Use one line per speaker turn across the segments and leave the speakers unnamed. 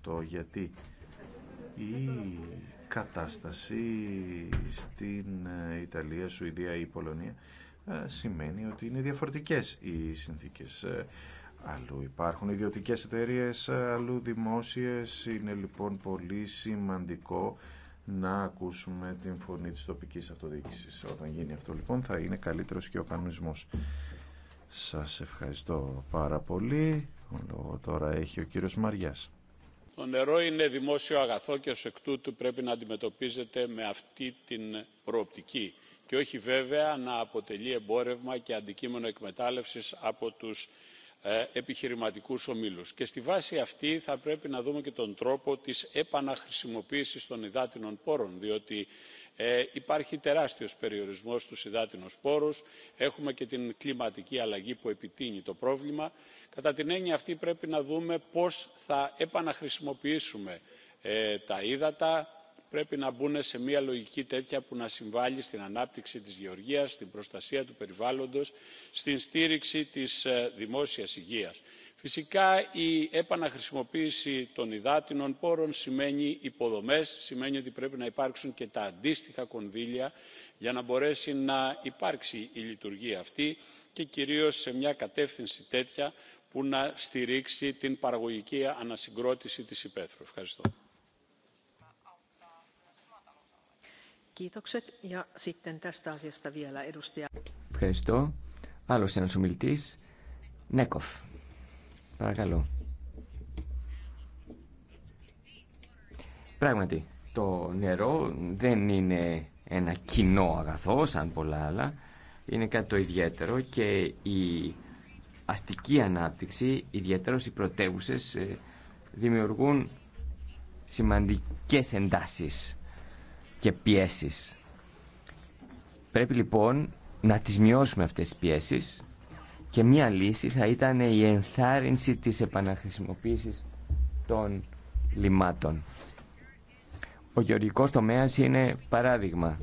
αυτό γιατί η κατάσταση στην ε, Ιταλία, Σουηδία ή Πολωνία ε, σημαίνει ότι είναι διαφορετικές οι συνθήκες. Ε, αλλού υπάρχουν ιδιωτικές εταιρείε, αλλού δημόσιες. Είναι λοιπόν πολύ σημαντικό να ακούσουμε την φωνή της τοπικής αυτοδιοίκησης. Όταν γίνει αυτό λοιπόν θα είναι καλύτερος και ο κανονισμός. Σας ευχαριστώ πάρα πολύ. Ο λόγο τώρα έχει ο κύριος Μαριάς
το νερό είναι δημόσιο αγαθό και ως εκ τούτου πρέπει να αντιμετωπίζεται με αυτή την προοπτική και όχι βέβαια να αποτελεί εμπόρευμα και αντικείμενο εκμετάλλευσης από τους ε, επιχειρηματικούς ομίλους. Και στη βάση αυτή θα πρέπει να δούμε και τον τρόπο της επαναχρησιμοποίησης των υδάτινων πόρων διότι ε, υπάρχει τεράστιος περιορισμός στους υδάτινους πόρους έχουμε και την κλιματική αλλαγή που επιτείνει το πρόβλημα κατά την έννοια αυτή πρέπει να δούμε πώς θα επαναχρησιμοποιήσουμε ε, τα ύδατα πρέπει να μπουν σε μια λογική τέτοια που να συμβάλλει στην ανάπτυξη της γεωργίας στην προστασία του περιβάλλοντος στην στήριξη της ε, δημόσιας υγείας. φυσικά η επαναχρησιμοποίηση των υδάτινων πόρων σημαίνει υποδομές σημαίνει ότι πρέπει να υπάρξουν και τα αντίστοιχα κονδύλια για να μπορέσει να υπάρξει η λειτουργία αυτή και κυρίως σε μια κατεύθυνση τέτοια που να στηρίξει την παραγωγική ανασυγκρότηση της υπαίθρου. Ευχαριστώ.
Ευχαριστώ. Άλλος ένας ομιλητής, Νέκοφ. Παρακαλώ. Πράγματι, το νερό δεν είναι ένα κοινό αγαθό, σαν πολλά άλλα. Είναι κάτι το ιδιαίτερο και η αστική ανάπτυξη, ιδιαίτερα οι πρωτεύουσε ε, δημιουργούν σημαντικές εντάσεις και πιέσεις. Πρέπει λοιπόν να τις μειώσουμε αυτές τις πιέσεις και μία λύση θα ήταν η ενθάρρυνση της επαναχρησιμοποίησης των λιμάτων. Ο γεωργικός τομέας είναι παράδειγμα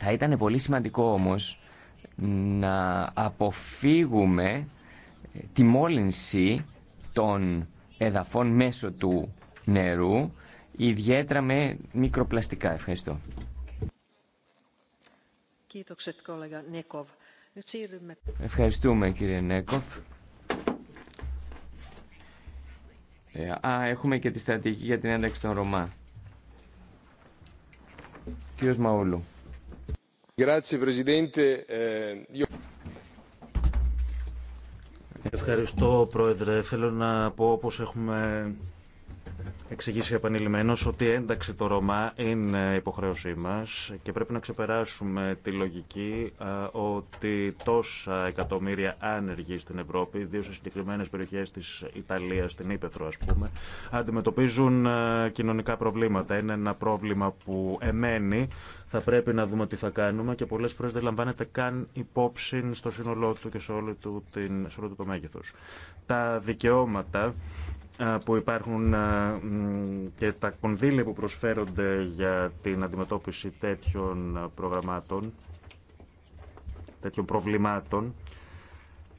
Θα ήταν πολύ σημαντικό όμως να αποφύγουμε τη μόλυνση των εδαφών μέσω του νερού, ιδιαίτερα με μικροπλαστικά. Ευχαριστώ. Ευχαριστούμε κύριε Νέκοφ. Ε, α, έχουμε και τη στρατηγική για την ένταξη των Ρωμά.
Ε, Ευχαριστώ, Πρόεδρε. Θέλω να πω, όπως έχουμε εξηγήσει επανειλημμένω ότι η ένταξη το Ρωμά είναι υποχρέωσή μα και πρέπει να ξεπεράσουμε τη λογική ότι τόσα εκατομμύρια άνεργοι στην Ευρώπη, ιδίω σε συγκεκριμένε περιοχέ τη Ιταλία, στην Ήπεθρο α πούμε, αντιμετωπίζουν κοινωνικά προβλήματα. Είναι ένα πρόβλημα που εμένει. Θα πρέπει να δούμε τι θα κάνουμε και πολλέ φορέ δεν λαμβάνεται καν υπόψη στο σύνολό του και σε όλο σε όλο το μέγεθο. Τα δικαιώματα που υπάρχουν και τα κονδύλια που προσφέρονται για την αντιμετώπιση τέτοιων προγραμμάτων, τέτοιων προβλημάτων,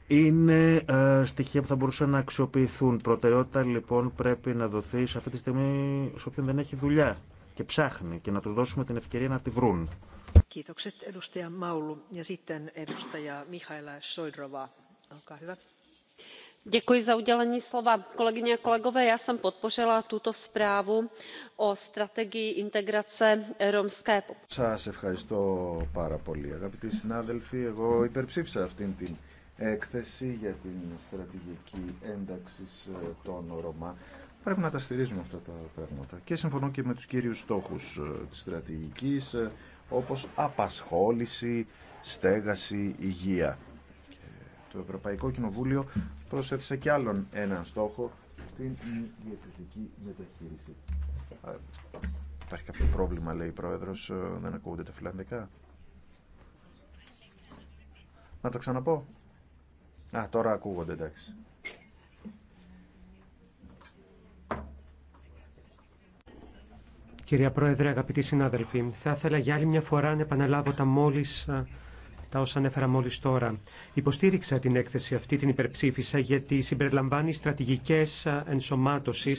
είναι στοιχεία που θα μπορούσαν να αξιοποιηθούν. Προτεραιότητα λοιπόν πρέπει να δοθεί σε αυτή τη στιγμή σε όποιον δεν έχει δουλειά και ψάχνει και να τους δώσουμε την ευκαιρία να τη βρουν.
Kiitokset edustaja Olkaa hyvä. Σα
Σας ευχαριστώ πάρα πολύ αγαπητοί συνάδελφοι. Εγώ υπερψήφισα αυτήν την έκθεση για την στρατηγική ένταξη ε, των Ρωμά. Πρέπει να τα στηρίζουμε αυτά τα πράγματα. Και συμφωνώ και με τους κύριους στόχους ε, της στρατηγικής, ε, όπως απασχόληση, στέγαση, υγεία. Το Ευρωπαϊκό Κοινοβούλιο προσέθεσε κι άλλον έναν στόχο, την διακριτική μεταχείριση. Ε, υπάρχει κάποιο πρόβλημα, λέει η Πρόεδρος, ε, δεν ακούγονται τα φιλανδικά. Να τα ξαναπώ. Α, τώρα ακούγονται, εντάξει.
Κυρία Πρόεδρε, αγαπητοί συνάδελφοι, θα ήθελα για άλλη μια φορά να επαναλάβω τα μόλις ε, τα όσα ανέφερα μόλι τώρα. Υποστήριξα την έκθεση αυτή, την υπερψήφισα, γιατί συμπεριλαμβάνει στρατηγικέ ενσωμάτωση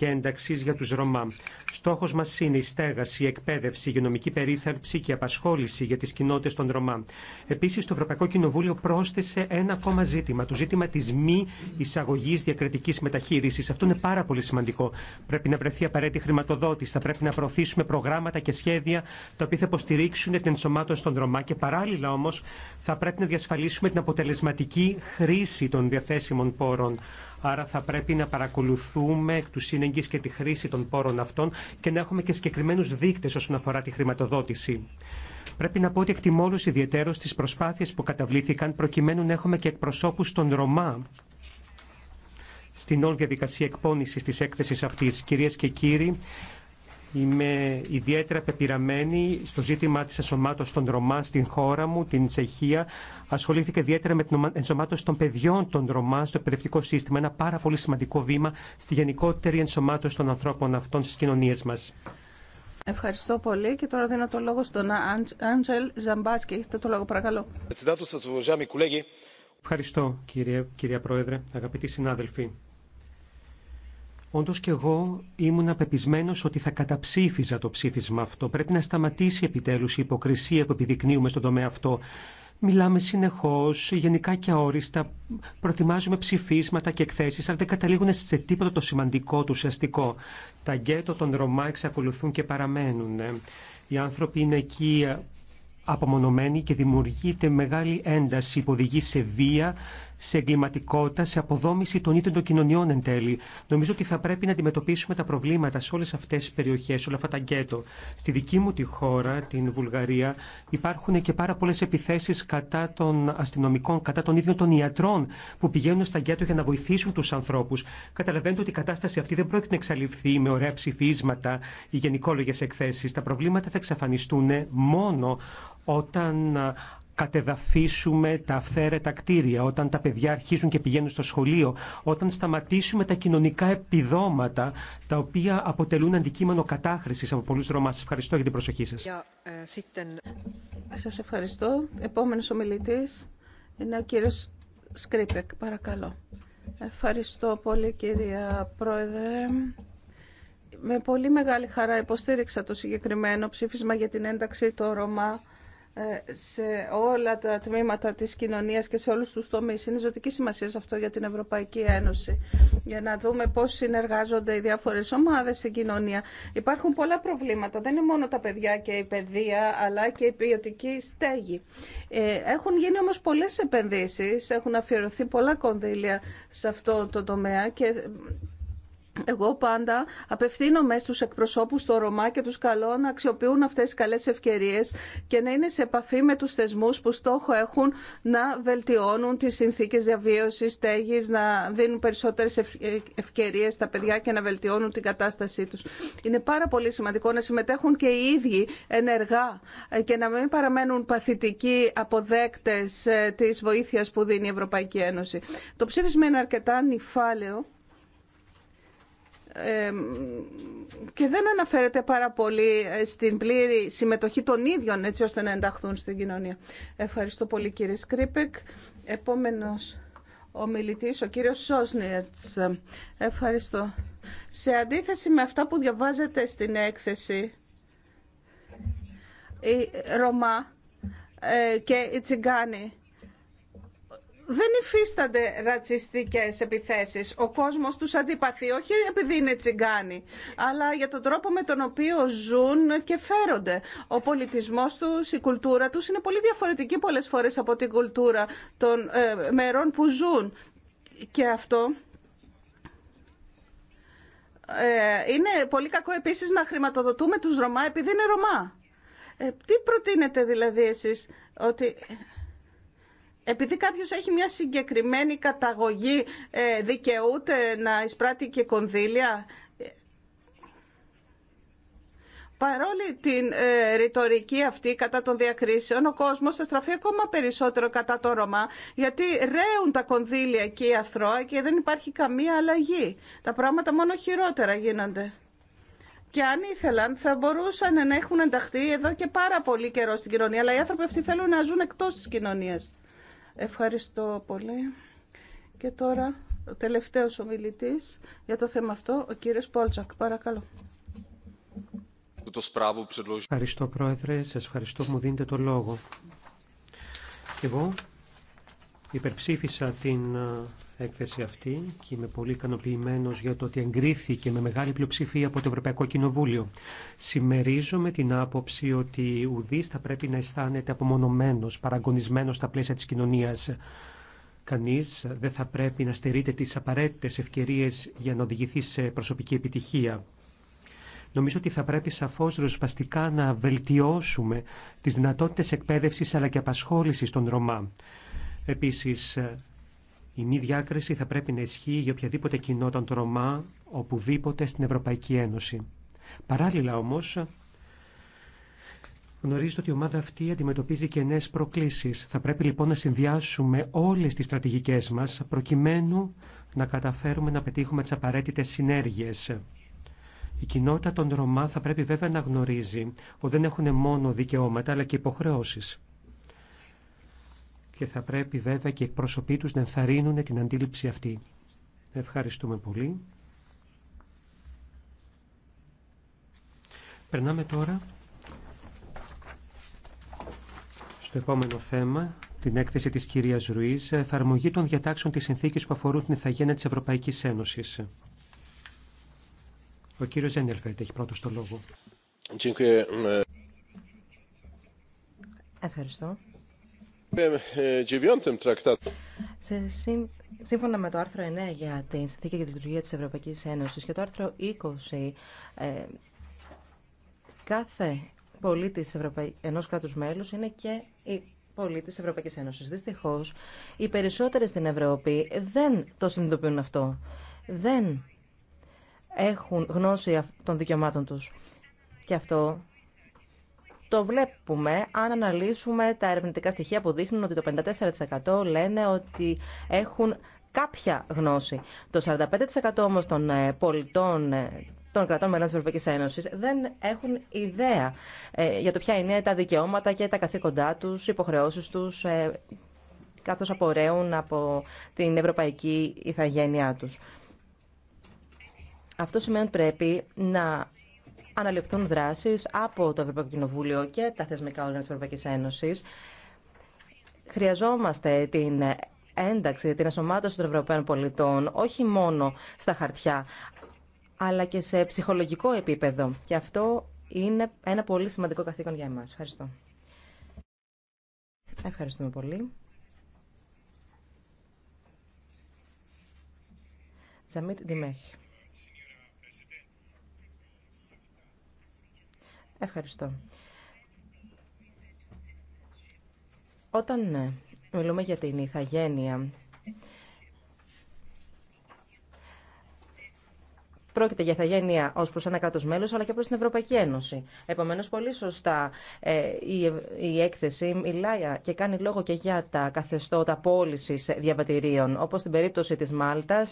και ένταξη για του Ρωμά. Στόχο μα είναι η στέγαση, η εκπαίδευση, η υγειονομική περίθαλψη και η απασχόληση για τι κοινότητε των Ρωμά. Επίση, το Ευρωπαϊκό Κοινοβούλιο πρόσθεσε ένα ακόμα ζήτημα, το ζήτημα τη μη εισαγωγή διακριτική μεταχείριση. Αυτό είναι πάρα πολύ σημαντικό. Πρέπει να βρεθεί απαραίτητη χρηματοδότηση, θα πρέπει να προωθήσουμε προγράμματα και σχέδια τα οποία θα υποστηρίξουν την ενσωμάτωση των Ρωμά και παράλληλα όμω θα πρέπει να διασφαλίσουμε την αποτελεσματική χρήση των διαθέσιμων πόρων. Άρα θα πρέπει να παρακολουθούμε του και τη χρήση των πόρων αυτών και να έχουμε και συγκεκριμένου δείκτε όσον αφορά τη χρηματοδότηση. Πρέπει να πω ότι εκτιμώ όλου ιδιαίτερω τι προσπάθειε που καταβλήθηκαν προκειμένου να έχουμε και εκπροσώπου των Ρωμά στην όλη διαδικασία εκπόνηση τη έκθεση αυτή. Κυρίε και κύριοι, Είμαι ιδιαίτερα πεπειραμένη στο ζήτημα της ενσωμάτωσης των Ρωμά στην χώρα μου, την Τσεχία. Ασχολήθηκε ιδιαίτερα με την ενσωμάτωση των παιδιών των Ρωμά στο εκπαιδευτικό σύστημα. Ένα πάρα πολύ σημαντικό βήμα στη γενικότερη ενσωμάτωση των ανθρώπων αυτών στις κοινωνίες μας.
Ευχαριστώ πολύ και τώρα δίνω το λόγο στον Άντζελ Ζαμπάσκη. Έχετε το λόγο παρακαλώ.
Ευχαριστώ κύριε, κυρία Πρόεδρε, αγαπητοί συνάδελφοι. Όντω και εγώ ήμουν απεπισμένο ότι θα καταψήφιζα το ψήφισμα αυτό. Πρέπει να σταματήσει επιτέλου η υποκρισία που επιδεικνύουμε στον τομέα αυτό. Μιλάμε συνεχώ, γενικά και αόριστα, προτιμάζουμε ψηφίσματα και εκθέσει, αλλά δεν καταλήγουν σε τίποτα το σημαντικό, το ουσιαστικό. Τα γκέτο των Ρωμά εξακολουθούν και παραμένουν. Οι άνθρωποι είναι εκεί απομονωμένοι και δημιουργείται μεγάλη ένταση που σε βία, σε εγκληματικότητα, σε αποδόμηση των ίδιων των κοινωνιών εν τέλει. Νομίζω ότι θα πρέπει να αντιμετωπίσουμε τα προβλήματα σε όλε αυτέ τι περιοχέ, όλα αυτά τα γκέτο. Στη δική μου τη χώρα, την Βουλγαρία, υπάρχουν και πάρα πολλέ επιθέσει κατά των αστυνομικών, κατά των ίδιων των ιατρών που πηγαίνουν στα γκέτο για να βοηθήσουν του ανθρώπου. Καταλαβαίνετε ότι η κατάσταση αυτή δεν πρόκειται να εξαλειφθεί με ωραία ψηφίσματα ή γενικόλογε εκθέσει. Τα προβλήματα θα εξαφανιστούν μόνο όταν κατεδαφίσουμε τα αυθαίρετα κτίρια, όταν τα παιδιά αρχίζουν και πηγαίνουν στο σχολείο, όταν σταματήσουμε τα κοινωνικά επιδόματα, τα οποία αποτελούν αντικείμενο κατάχρησης από πολλούς Ρωμά. Σα ευχαριστώ για την προσοχή σας. Ε,
Σα ευχαριστώ. Επόμενο ομιλητή είναι ο κύριο Σκρίπεκ. Παρακαλώ. Ευχαριστώ πολύ κυρία Πρόεδρε. Με πολύ μεγάλη χαρά υποστήριξα το συγκεκριμένο ψήφισμα για την ένταξη του Ρωμά ε, σε όλα τα τμήματα της κοινωνίας και σε όλους τους τομείς. Είναι ζωτική σημασία αυτό για την Ευρωπαϊκή Ένωση, για να δούμε πώς συνεργάζονται οι διάφορες ομάδες στην κοινωνία. Υπάρχουν πολλά προβλήματα, δεν είναι μόνο τα παιδιά και η παιδεία, αλλά και η ποιοτική στέγη. Ε, έχουν γίνει όμως πολλές επενδύσεις, έχουν αφιερωθεί πολλά κονδύλια σε αυτό το τομέα και εγώ πάντα απευθύνομαι στου εκπροσώπους στο Ρωμά και του καλώ να αξιοποιούν αυτέ τι καλές ευκαιρίε και να είναι σε επαφή με του θεσμού που στόχο έχουν να βελτιώνουν τι συνθήκε διαβίωση, στέγη, να δίνουν περισσότερε ε, ευκαιρίε στα παιδιά και να βελτιώνουν την κατάστασή τους. Είναι πάρα πολύ σημαντικό να συμμετέχουν και οι ίδιοι ενεργά ε, και να μην παραμένουν παθητικοί αποδέκτες ε, της βοήθεια που δίνει η Ευρωπαϊκή Ένωση. Το ψήφισμα είναι αρκετά νυφάλαιο και δεν αναφέρεται πάρα πολύ ε, στην πλήρη συμμετοχή των ίδιων έτσι ώστε να ενταχθούν στην κοινωνία. Ευχαριστώ πολύ κύριε Σκρίπεκ. Επόμενος ο μιλητής, ο κύριος Σόσνιερτς. Ευχαριστώ. Σε αντίθεση με αυτά που διαβάζετε στην έκθεση, η Ρωμά ε, και η Τσιγκάνη, δεν υφίστανται ρατσιστικές επιθέσεις. Ο κόσμος τους αντιπαθεί, όχι επειδή είναι τσιγκάνοι, αλλά για τον τρόπο με τον οποίο ζουν και φέρονται. Ο πολιτισμός τους, η κουλτούρα τους είναι πολύ διαφορετική πολλές φορές από την κουλτούρα των ε, μερών που ζουν. Και αυτό ε, είναι πολύ κακό επίσης να χρηματοδοτούμε τους Ρωμά επειδή είναι Ρωμά. Ε, τι προτείνετε δηλαδή εσείς ότι επειδή κάποιο έχει μια συγκεκριμένη καταγωγή ε, δικαιούται να εισπράττει και κονδύλια παρόλη την ε, ρητορική αυτή κατά των διακρίσεων, ο κόσμος θα στραφεί ακόμα περισσότερο κατά το Ρωμά, γιατί ρέουν τα κονδύλια και η αθρώα και δεν υπάρχει καμία αλλαγή. Τα πράγματα μόνο χειρότερα γίνονται. Και αν ήθελαν, θα μπορούσαν να έχουν ενταχθεί εδώ και πάρα πολύ καιρό στην κοινωνία, αλλά οι άνθρωποι αυτοί θέλουν να ζουν εκτός της κοινωνίας. Ευχαριστώ πολύ. Και τώρα ο τελευταίος ομιλητής για το θέμα αυτό, ο κύριος Πόλτσακ. Παρακαλώ.
Ευχαριστώ Πρόεδρε, σας ευχαριστώ που μου δίνετε το λόγο. Και εγώ υπερψήφισα την έκθεση αυτή και είμαι πολύ ικανοποιημένο για το ότι εγκρίθηκε με μεγάλη πλειοψηφία από το Ευρωπαϊκό Κοινοβούλιο. Συμμερίζομαι την άποψη ότι ουδή θα πρέπει να αισθάνεται απομονωμένο, παραγωνισμένο στα πλαίσια τη κοινωνία. Κανεί δεν θα πρέπει να στερείται τι απαραίτητε ευκαιρίε για να οδηγηθεί σε προσωπική επιτυχία. Νομίζω ότι θα πρέπει σαφώ ρουσπαστικά να βελτιώσουμε τι δυνατότητε εκπαίδευση αλλά και απασχόληση των Ρωμά. Επίσης, η μη διάκριση θα πρέπει να ισχύει για οποιαδήποτε κοινότητα των Ρωμά οπουδήποτε στην Ευρωπαϊκή Ένωση. Παράλληλα όμως, γνωρίζω ότι η ομάδα αυτή αντιμετωπίζει και νέε προκλήσει. Θα πρέπει λοιπόν να συνδυάσουμε όλε τι στρατηγικέ μα προκειμένου να καταφέρουμε να πετύχουμε τι απαραίτητε συνέργειε. Η κοινότητα των Ρωμά θα πρέπει βέβαια να γνωρίζει ότι δεν έχουν μόνο δικαιώματα αλλά και υποχρεώσει και θα πρέπει βέβαια και οι προσωποί τους να ενθαρρύνουν την αντίληψη αυτή. Ευχαριστούμε πολύ. Περνάμε τώρα στο επόμενο θέμα, την έκθεση της κυρίας Ρουής, εφαρμογή των διατάξεων της συνθήκης που αφορούν την ηθαγένεια της Ευρωπαϊκής Ένωσης. Ο κύριος Ζένελφετ έχει πρώτος το λόγο. Ευχαριστώ.
Ε, ε,
ε, σύμφωνα με το άρθρο 9 για την συνθήκη και τη λειτουργία της Ευρωπαϊκής Ένωσης και το άρθρο 20, κάθε πολίτης της Ευρωπαϊ... ενός κράτους μέλους είναι και η πολίτη της Ευρωπαϊκής Ένωσης. Δυστυχώς, οι περισσότεροι στην Ευρώπη δεν το συνειδητοποιούν αυτό. Δεν έχουν γνώση των δικαιωμάτων τους. Και αυτό το βλέπουμε αν αναλύσουμε τα ερευνητικά στοιχεία που δείχνουν ότι το 54% λένε ότι έχουν κάποια γνώση. Το 45% όμως των ε, πολιτών ε, των κρατών μελών της Ευρωπαϊκής Ένωσης δεν έχουν ιδέα ε, για το ποια είναι τα δικαιώματα και τα καθήκοντά τους, υποχρεώσεις τους, καθώς απορρέουν από την ευρωπαϊκή ηθαγένειά τους. Αυτό σημαίνει ότι πρέπει να αναλυφθούν δράσεις από το Ευρωπαϊκό Κοινοβούλιο και τα θεσμικά όργανα τη Ευρωπαϊκή Ένωσης. Χρειαζόμαστε την ένταξη, την ασωμάτωση των Ευρωπαίων πολιτών, όχι μόνο στα χαρτιά, αλλά και σε ψυχολογικό επίπεδο. Και αυτό είναι ένα πολύ σημαντικό καθήκον για εμάς. Ευχαριστώ. Ευχαριστούμε πολύ. Ζαμίτ Ευχαριστώ. Όταν ε, μιλούμε για την ηθαγένεια, πρόκειται για ηθαγένεια ω προ ένα κράτο μέλο, αλλά και προ την Ευρωπαϊκή Ένωση. Επομένω, πολύ σωστά ε, η, έκθεση μιλάει και κάνει λόγο και για τα καθεστώτα πώληση διαβατηρίων. Όπω στην περίπτωση τη Μάλτα,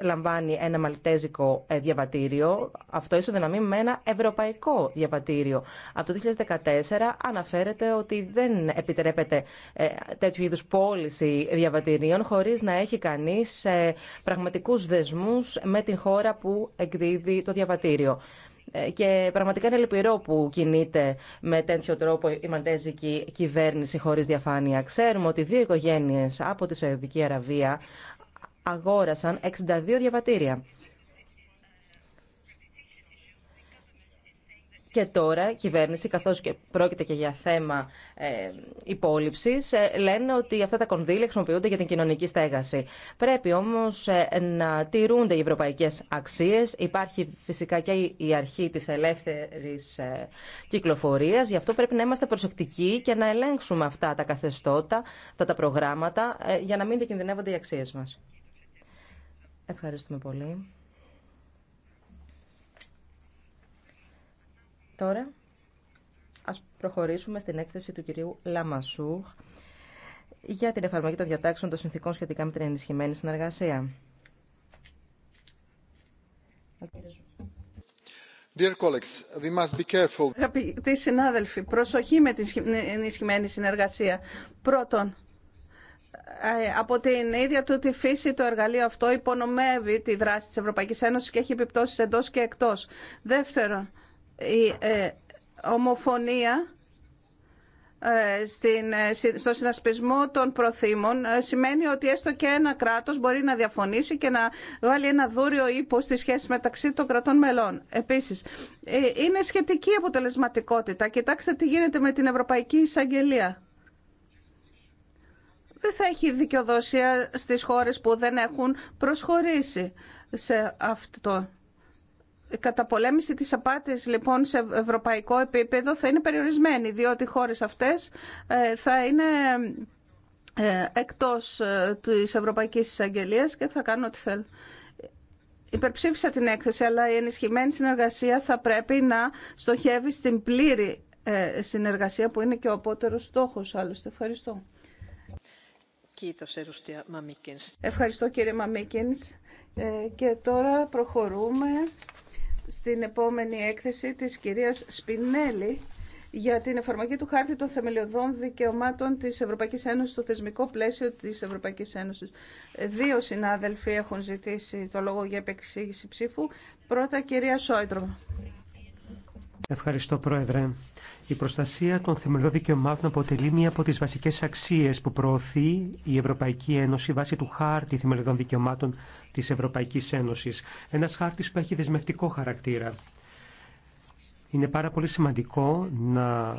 λαμβάνει ένα μαλτέζικο ε, διαβατήριο, αυτό ισοδυναμεί με ένα ευρωπαϊκό διαβατήριο. Από το 2014 αναφέρεται ότι δεν επιτρέπεται ε, τέτοιου είδους πώληση διαβατηρίων χωρίς να έχει κανείς ε, πραγματικούς δεσμούς με την χώρα που εκδίδει το διαβατήριο. Και πραγματικά είναι λυπηρό που κινείται με τέτοιο τρόπο η μαλτέζικη κυβέρνηση χωρίς διαφάνεια. Ξέρουμε ότι δύο οικογένειες από τη Σαουδική Αραβία αγόρασαν 62 διαβατήρια. Και τώρα η κυβέρνηση, καθώς πρόκειται και για θέμα ε, υπόλοιψης, ε, λένε ότι αυτά τα κονδύλια χρησιμοποιούνται για την κοινωνική στέγαση. Πρέπει όμως ε, να τηρούνται οι ευρωπαϊκές αξίες. Υπάρχει φυσικά και η αρχή της ελεύθερης ε, κυκλοφορίας. Γι' αυτό πρέπει να είμαστε προσεκτικοί και να ελέγξουμε αυτά τα καθεστώτα, αυτά τα προγράμματα, για να μην διακινδυνεύονται οι αξίες μας. Ευχαριστούμε πολύ. Τώρα, ας προχωρήσουμε στην έκθεση του κυρίου Λαμασού για την εφαρμογή των διατάξεων των συνθήκων σχετικά με την ενισχυμένη συνεργασία.
Dear colleagues, we must be careful.
Αγαπητοί συνάδελφοι, προσοχή με την ενισχυμένη συνεργασία. Πρώτον, ε, από την ίδια του τη φύση το εργαλείο αυτό υπονομεύει τη δράση της Ευρωπαϊκής Ένωσης και έχει επιπτώσεις εντός και εκτός. Δεύτερον, η ε, ομοφωνία ε, στο συνασπισμό των προθήμων σημαίνει ότι έστω και ένα κράτος μπορεί να διαφωνήσει και να βάλει ένα δούριο ύπο στη σχέση μεταξύ των κρατών μελών. Επίσης, είναι σχετική αποτελεσματικότητα. Κοιτάξτε τι γίνεται με την Ευρωπαϊκή Εισαγγελία δεν θα έχει δικαιοδοσία στις χώρες που δεν έχουν προσχωρήσει σε αυτό. Η καταπολέμηση της απάτης λοιπόν σε ευρωπαϊκό επίπεδο θα είναι περιορισμένη, διότι οι χώρες αυτές ε, θα είναι ε, εκτός ε, της Ευρωπαϊκής Εισαγγελίας και θα κάνουν ό,τι θέλουν. Υπερψήφισα την έκθεση, αλλά η ενισχυμένη συνεργασία θα πρέπει να στοχεύει στην πλήρη συνεργασία που είναι και ο απότερος στόχος Ευχαριστώ. Ευχαριστώ κύριε Μαμίκινς. Ε, και τώρα προχωρούμε στην επόμενη έκθεση της κυρίας Σπινέλη για την εφαρμογή του χάρτη των θεμελιωδών δικαιωμάτων της Ευρωπαϊκής Ένωσης στο θεσμικό πλαίσιο της Ευρωπαϊκής Ένωσης. Δύο συνάδελφοι έχουν ζητήσει το λόγο για επεξήγηση ψήφου. Πρώτα κυρία Σόιτρο.
Ευχαριστώ Πρόεδρε. Η προστασία των θεμελιών δικαιωμάτων αποτελεί μία από τι βασικέ αξίε που προωθεί η Ευρωπαϊκή Ένωση βάσει του χάρτη θεμελιωδών δικαιωμάτων τη Ευρωπαϊκή Ένωση. Ένα χάρτη που έχει δεσμευτικό χαρακτήρα. Είναι πάρα πολύ σημαντικό να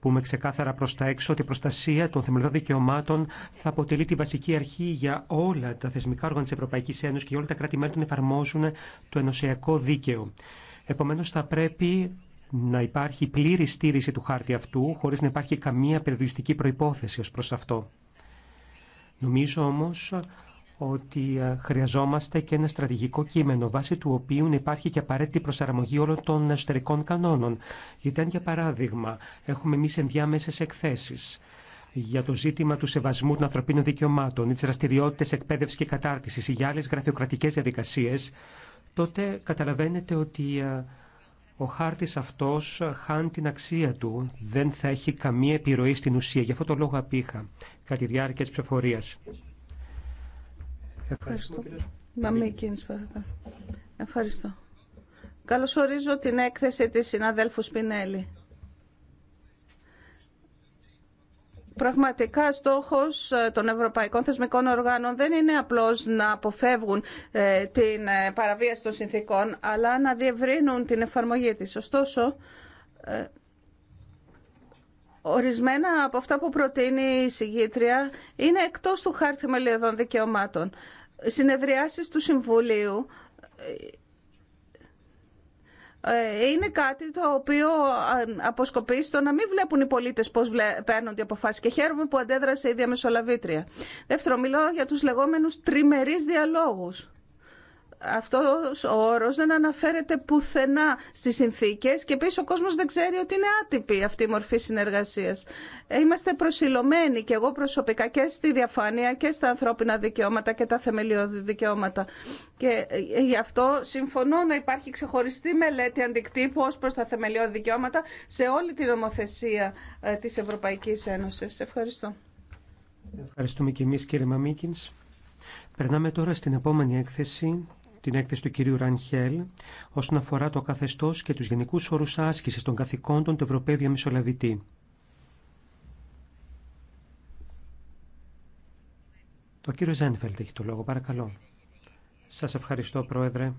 πούμε ξεκάθαρα προ τα έξω ότι η προστασία των θεμελιωδών δικαιωμάτων θα αποτελεί τη βασική αρχή για όλα τα θεσμικά όργανα τη Ευρωπαϊκή Ένωση και για όλα τα κράτη-μέλη που εφαρμόζουν το ενωσιακό δίκαιο. Επομένως θα πρέπει να υπάρχει πλήρη στήριση του χάρτη αυτού, χωρίς να υπάρχει καμία περιοριστική προϋπόθεση ως προς αυτό. Νομίζω όμως ότι ε, χρειαζόμαστε και ένα στρατηγικό κείμενο βάσει του οποίου υπάρχει και απαραίτητη προσαρμογή όλων των εσωτερικών κανόνων. Γιατί αν για παράδειγμα έχουμε εμεί ενδιάμεσε εκθέσει για το ζήτημα του σεβασμού των ανθρωπίνων δικαιωμάτων ή τι δραστηριότητε εκπαίδευση και κατάρτιση ή για άλλε γραφειοκρατικέ διαδικασίε, τότε καταλαβαίνετε ότι ε, ο χάρτης αυτός χάνει την αξία του, δεν θα έχει καμία επιρροή στην ουσία. Γι' αυτό το λόγο απήχα κατά τη διάρκεια της ψηφορίας. Ευχαριστώ. Να
μην Καλωσορίζω την έκθεση της συναδέλφου Σπινέλη. Πραγματικά στόχο ε, των ευρωπαϊκών θεσμικών οργάνων δεν είναι απλώ να αποφεύγουν ε, την ε, παραβίαση των συνθήκων, αλλά να διευρύνουν την εφαρμογή τη. Ωστόσο, ορισμένα από αυτά που προτείνει η συγγήτρια είναι εκτός του χάρτη μελιωδών δικαιωμάτων. Συνεδριάσεις του Συμβουλίου ε, είναι κάτι το οποίο αποσκοπεί στο να μην βλέπουν οι πολίτες πώς παίρνουν οι αποφάσει. και χαίρομαι που αντέδρασε η διαμεσολαβήτρια. Δεύτερο, μιλάω για τους λεγόμενους τριμερεί διαλόγους αυτός ο όρος δεν αναφέρεται πουθενά στις συνθήκες και επίση ο κόσμος δεν ξέρει ότι είναι άτυπη αυτή η μορφή συνεργασίας. Ε, είμαστε προσιλωμένοι και εγώ προσωπικά και στη διαφάνεια και στα ανθρώπινα δικαιώματα και τα θεμελιώδη δικαιώματα. Και ε, γι' αυτό συμφωνώ να υπάρχει ξεχωριστή μελέτη αντικτύπου ως προς τα θεμελιώδη δικαιώματα σε όλη την νομοθεσία ε, της Ευρωπαϊκής Ένωσης. Ευχαριστώ.
Ευχαριστούμε και εμείς κύριε Μαμίκινς. Περνάμε τώρα στην επόμενη έκθεση την έκθεση του κυρίου Ρανχέλ όσον αφορά το καθεστώ και τους γενικούς όρους άσκηση των καθηκόντων του Ευρωπαίου Διαμεσολαβητή. Ο κύριο Ζένφελτ έχει το λόγο, παρακαλώ. Σας ευχαριστώ, Πρόεδρε.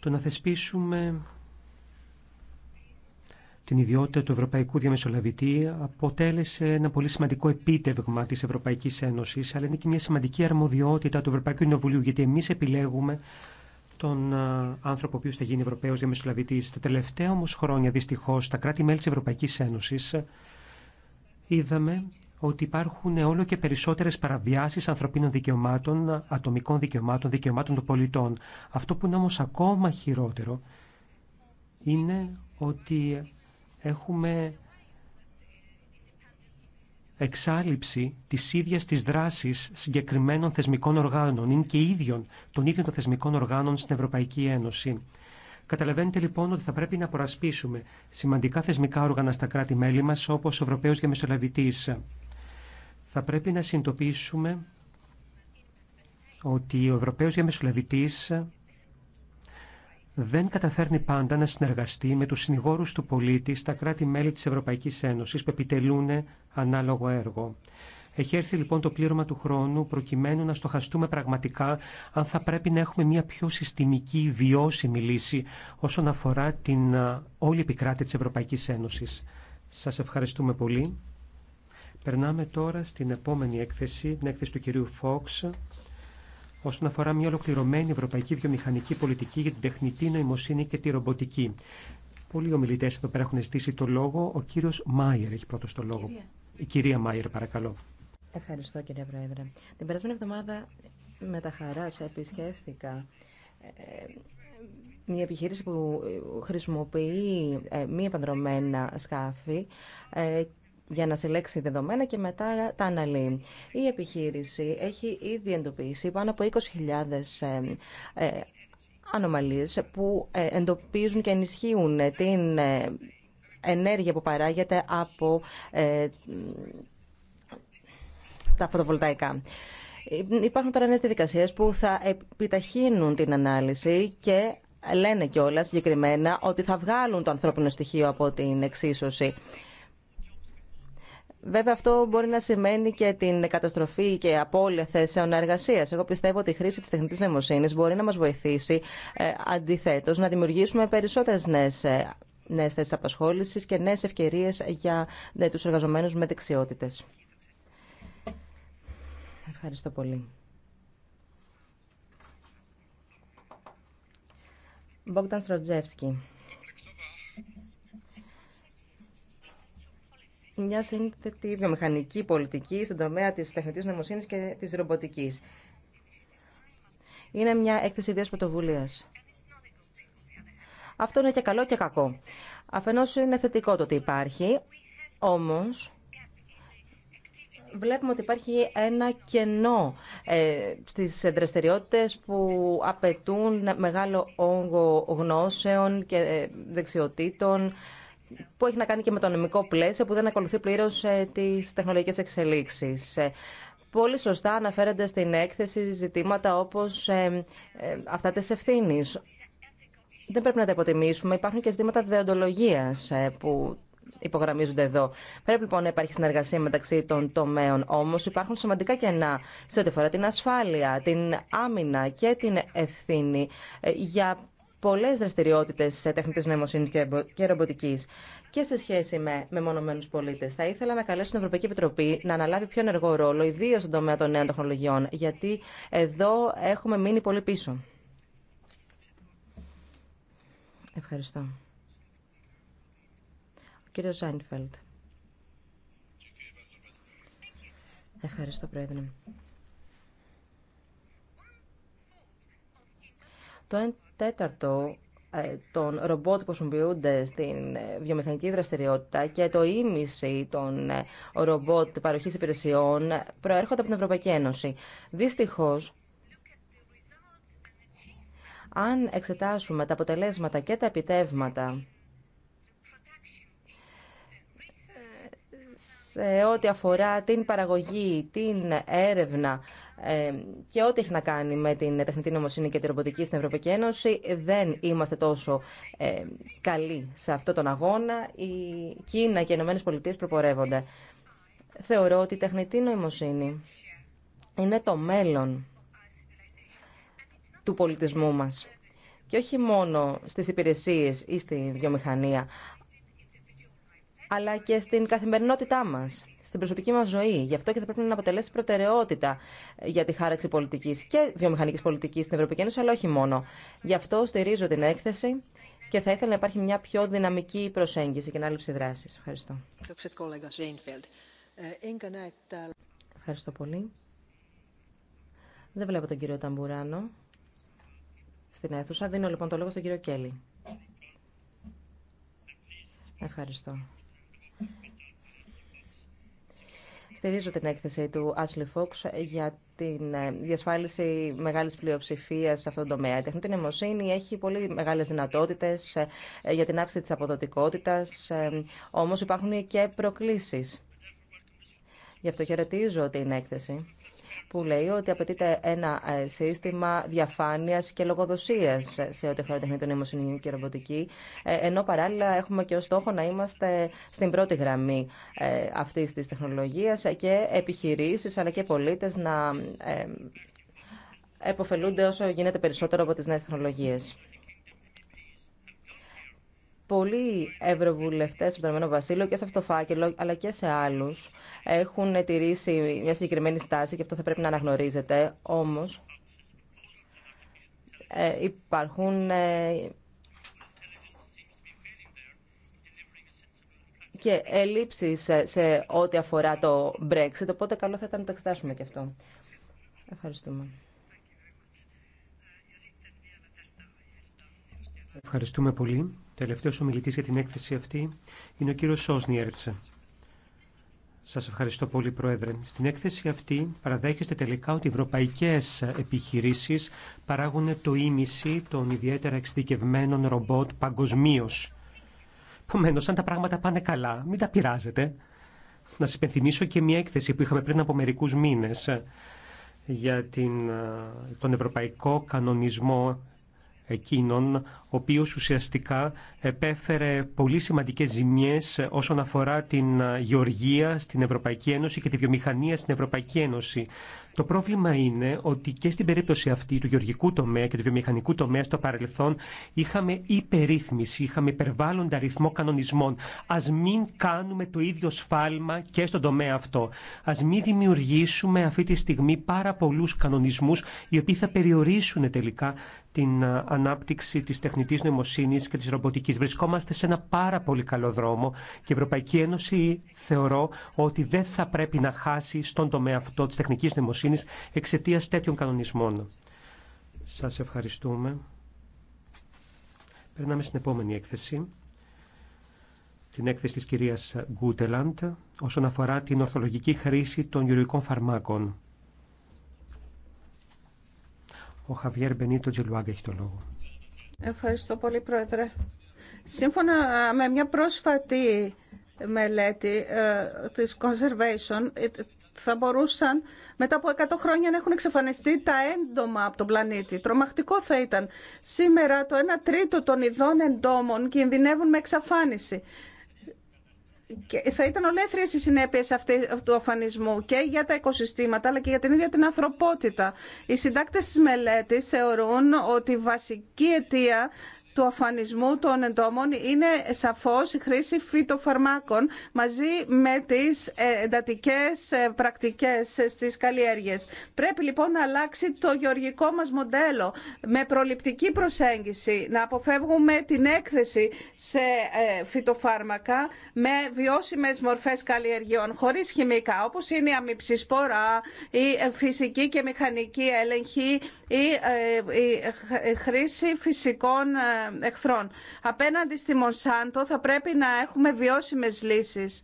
Το να θεσπίσουμε την ιδιότητα του Ευρωπαϊκού Διαμεσολαβητή αποτέλεσε ένα πολύ σημαντικό επίτευγμα της Ευρωπαϊκής Ένωσης, αλλά είναι και μια σημαντική αρμοδιότητα του Ευρωπαϊκού Κοινοβουλίου, γιατί εμείς επιλέγουμε τον άνθρωπο ο οποίος θα γίνει Ευρωπαίος Διαμεσολαβητής. Τα τελευταία όμως χρόνια, δυστυχώς, τα κράτη-μέλη της Ευρωπαϊκής Ένωσης είδαμε ότι υπάρχουν όλο και περισσότερε παραβιάσει ανθρωπίνων δικαιωμάτων, ατομικών δικαιωμάτων, δικαιωμάτων των πολιτών. Αυτό που είναι όμω ακόμα χειρότερο είναι ότι έχουμε εξάλληψη της ίδιας της δράσης συγκεκριμένων θεσμικών οργάνων, είναι και ίδιων των ίδιων των θεσμικών οργάνων στην Ευρωπαϊκή Ένωση. Καταλαβαίνετε λοιπόν ότι θα πρέπει να προασπίσουμε σημαντικά θεσμικά όργανα στα κράτη-μέλη μας, όπως ο Ευρωπαίος Διαμεσολαβητής. Θα πρέπει να συνειδητοποιήσουμε ότι ο Ευρωπαίος Διαμεσολαβητής δεν καταφέρνει πάντα να συνεργαστεί με τους συνηγόρους του πολίτη στα κράτη-μέλη της Ευρωπαϊκής Ένωσης που επιτελούν ανάλογο έργο. Έχει έρθει λοιπόν το πλήρωμα του χρόνου προκειμένου να στοχαστούμε πραγματικά αν θα πρέπει να έχουμε μια πιο συστημική, βιώσιμη λύση όσον αφορά την όλη επικράτη της Ευρωπαϊκής Ένωσης. Σας ευχαριστούμε πολύ. Περνάμε τώρα στην επόμενη έκθεση, την έκθεση του κυρίου Φόξ όσον αφορά μια ολοκληρωμένη ευρωπαϊκή βιομηχανική πολιτική για την τεχνητή νοημοσύνη και τη ρομποτική. Πολλοί ομιλητέ εδώ πέρα έχουν ζητήσει το λόγο. Ο κύριο Μάιερ έχει πρώτο το λόγο. Κυρία. Η κυρία Μάιερ, παρακαλώ.
Ευχαριστώ, κύριε Πρόεδρε. Την περασμένη εβδομάδα με τα χαρά επισκέφθηκα ε, μια επιχείρηση που χρησιμοποιεί ε, μη επανδρομένα σκάφη ε, για να συλλέξει δεδομένα και μετά τα αναλύει. Η επιχείρηση έχει ήδη εντοπίσει πάνω από 20.000 ε, ε, ανομαλίες που ε, εντοπίζουν και ενισχύουν την ενέργεια που παράγεται από τα φωτοβολταϊκά. Υπάρχουν τώρα νέες διαδικασίες που θα επιταχύνουν την ανάλυση και λένε κιόλα συγκεκριμένα ότι θα βγάλουν το ανθρώπινο στοιχείο από την εξίσωση. Βέβαια αυτό μπορεί να σημαίνει και την καταστροφή και απώλεια θέσεων εργασία. Εγώ πιστεύω ότι η χρήση τη τεχνητή νοημοσύνη μπορεί να μα βοηθήσει ε, αντιθέτω να δημιουργήσουμε περισσότερε νέε ε, νέες θέσεις απασχόλησης και νέε ευκαιρίε για ναι, τους εργαζομένους με δεξιότητε. Ευχαριστώ πολύ. μια σύνθετη βιομηχανική πολιτική στον τομέα της τεχνητής νοημοσύνης και της ρομποτικής. Είναι μια έκθεση ιδέας πρωτοβουλία. Αυτό είναι και καλό και κακό. Αφενός είναι θετικό το ότι υπάρχει, όμως βλέπουμε ότι υπάρχει ένα κενό ε, στις δραστηριότητε που απαιτούν μεγάλο όγκο γνώσεων και ε, δεξιοτήτων που έχει να κάνει και με το νομικό πλαίσιο που δεν ακολουθεί πλήρω ε, τι τεχνολογικέ εξελίξει. Ε, πολύ σωστά αναφέρονται στην έκθεση ζητήματα όπως ε, αυτά τη ευθύνη. Δεν πρέπει να τα υποτιμήσουμε. Υπάρχουν και ζητήματα δεοντολογίας που υπογραμμίζονται εδώ. Πρέπει λοιπόν να υπάρχει συνεργασία μεταξύ των τομέων. Όμω, υπάρχουν σημαντικά κενά σε ό,τι αφορά την ασφάλεια, την άμυνα και την ευθύνη για πολλές δραστηριότητες τεχνητή νοημοσύνη και ρομποτική. και σε σχέση με μεμονωμένου πολίτε. Θα ήθελα να καλέσω την Ευρωπαϊκή Επιτροπή να αναλάβει πιο ενεργό ρόλο, ιδίω στον τομέα των νέων τεχνολογιών, γιατί εδώ έχουμε μείνει πολύ πίσω. Ευχαριστώ. Ο κύριο Ευχαριστώ, Πρόεδρε τέταρτο ε, των ρομπότ που χρησιμοποιούνται στην ε, βιομηχανική δραστηριότητα και το ίμιση των ε, ρομπότ παροχής υπηρεσιών προέρχονται από την Ευρωπαϊκή Ένωση. Δυστυχώς, αν εξετάσουμε τα αποτελέσματα και τα επιτεύγματα σε ό,τι αφορά την παραγωγή, την έρευνα ε, και ό,τι έχει να κάνει με την τεχνητή νομοσύνη και τη ρομποτική στην Ευρωπαϊκή Ένωση, δεν είμαστε τόσο ε, καλοί σε αυτόν τον αγώνα. Η Κίνα και οι Πολιτείε προπορεύονται. Θεωρώ ότι η τεχνητή νοημοσύνη είναι το μέλλον του πολιτισμού μας. Και όχι μόνο στις υπηρεσίες ή στη βιομηχανία, αλλά και στην καθημερινότητά μας στην προσωπική μα ζωή. Γι' αυτό και θα πρέπει να αποτελέσει προτεραιότητα για τη χάραξη πολιτικής και βιομηχανική πολιτικής στην Ευρωπαϊκή Ένωση, αλλά όχι μόνο. Γι' αυτό στηρίζω την έκθεση και θα ήθελα να υπάρχει μια πιο δυναμική προσέγγιση και ανάληψη δράση. Ευχαριστώ. Ευχαριστώ πολύ. Δεν βλέπω τον κύριο Ταμπουράνο στην αίθουσα. Δίνω λοιπόν το λόγο στον κύριο Κέλλη. Ευχαριστώ. Στηρίζω την έκθεση του Ashley Fox για την ε, διασφάλιση μεγάλη πλειοψηφία σε αυτόν τον τομέα. Η τεχνητή νοημοσύνη έχει πολύ μεγάλε δυνατότητε ε, για την αύξηση τη αποδοτικότητα, ε, όμω υπάρχουν και προκλήσει. Γι' αυτό χαιρετίζω την έκθεση που λέει ότι απαιτείται ένα ε, σύστημα διαφάνεια και λογοδοσία σε ό,τι αφορά τεχνητή νοημοσύνη και ρομποτική. Ε, ενώ παράλληλα έχουμε και ω στόχο να είμαστε στην πρώτη γραμμή ε, αυτή τη τεχνολογία και επιχειρήσει αλλά και πολίτε να εποφελούνται όσο γίνεται περισσότερο από τις νέες τεχνολογίες πολλοί ευρωβουλευτές από το Ηνωμένο Βασίλειο και σε αυτό το φάκελο αλλά και σε άλλους έχουν τηρήσει μια συγκεκριμένη στάση και αυτό θα πρέπει να αναγνωρίζεται. Όμως ε, υπάρχουν ε, και ελλείψεις σε ό,τι αφορά το Brexit, οπότε καλό θα ήταν να το εξετάσουμε και αυτό. Ευχαριστούμε.
Ευχαριστούμε πολύ. Τελευταίος ομιλητή για την έκθεση αυτή είναι ο κύριο Σόσνιερτσε. Σας ευχαριστώ πολύ, Πρόεδρε. Στην έκθεση αυτή παραδέχεστε τελικά ότι οι ευρωπαϊκές επιχειρήσεις παράγουν το ίμιση των ιδιαίτερα εξειδικευμένων ρομπότ παγκοσμίω. Επομένω, αν τα πράγματα πάνε καλά, μην τα πειράζετε. Να σα υπενθυμίσω και μια έκθεση που είχαμε πριν από μερικού μήνε για την, τον Ευρωπαϊκό Κανονισμό εκείνων, ο οποίος ουσιαστικά επέφερε πολύ σημαντικές ζημιές όσον αφορά την ε, γεωργία στην Ευρωπαϊκή Ένωση και τη βιομηχανία στην Ευρωπαϊκή Ένωση. Το πρόβλημα είναι ότι και στην περίπτωση αυτή του γεωργικού τομέα και του βιομηχανικού τομέα στο παρελθόν είχαμε υπερρύθμιση, είχαμε υπερβάλλοντα αριθμό κανονισμών. Α μην κάνουμε το ίδιο σφάλμα και στον τομέα αυτό. Α μην δημιουργήσουμε αυτή τη στιγμή πάρα πολλού κανονισμού οι οποίοι θα περιορίσουν τελικά την ε, ανάπτυξη της τεχνητής νοημοσύνης και της ρομποτικής. Βρισκόμαστε σε ένα πάρα πολύ καλό δρόμο και η Ευρωπαϊκή Ένωση θεωρώ ότι δεν θα πρέπει να χάσει στον τομέα αυτό της τεχνικής νοημοσύνης εξαιτία τέτοιων κανονισμών. Σας ευχαριστούμε. Περνάμε στην επόμενη έκθεση. Την έκθεση της κυρίας Γκούτελαντ όσον αφορά την ορθολογική χρήση των γεωργικών φαρμάκων. Ο Χαβιέρ Μπενίτο Τζελουάγκ έχει το λόγο.
Ευχαριστώ πολύ, Πρόεδρε. Σύμφωνα με μια πρόσφατη μελέτη ε, της Conservation, ε, θα μπορούσαν μετά από 100 χρόνια να έχουν εξαφανιστεί τα έντομα από τον πλανήτη. Τρομακτικό θα ήταν. Σήμερα το 1 τρίτο των ειδών εντόμων κινδυνεύουν με εξαφάνιση και θα ήταν ολέθριες οι συνέπειες αυτού του αφανισμού και για τα οικοσυστήματα αλλά και για την ίδια την ανθρωπότητα. Οι συντάκτες της μελέτης θεωρούν ότι η βασική αιτία του αφανισμού των εντόμων είναι σαφώς η χρήση φυτοφαρμάκων μαζί με τις εντατικές ε, πρακτικές ε, στις καλλιέργειες. Πρέπει λοιπόν να αλλάξει το γεωργικό μας μοντέλο με προληπτική προσέγγιση, να αποφεύγουμε την έκθεση σε ε, φυτοφάρμακα με βιώσιμες μορφές καλλιεργειών χωρίς χημικά, όπως είναι η αμυψισπορά, η φυσική και μηχανική έλεγχη, η χρήση φυσικών εχθρών. Απέναντι στη Μονσάντο θα πρέπει να έχουμε βιώσιμες λύσεις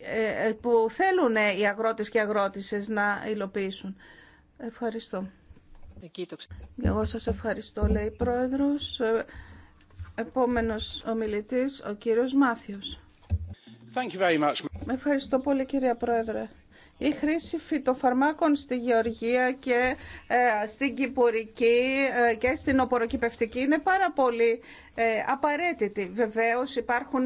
ε, ε, που θέλουν οι αγρότες και οι αγρότησες να υλοποιήσουν. Ευχαριστώ. Εγώ σας ευχαριστώ, λέει η Πρόεδρος. Ε, επόμενος ομιλητής, ο κύριος Μάθιος. ευχαριστώ πολύ, κύριε Πρόεδρε η χρήση φυτοφαρμάκων στη γεωργία και ε, στην κυπουρική ε, και στην οποροκυπευτική είναι πάρα πολύ ε, απαραίτητη. Βεβαίως υπάρχουν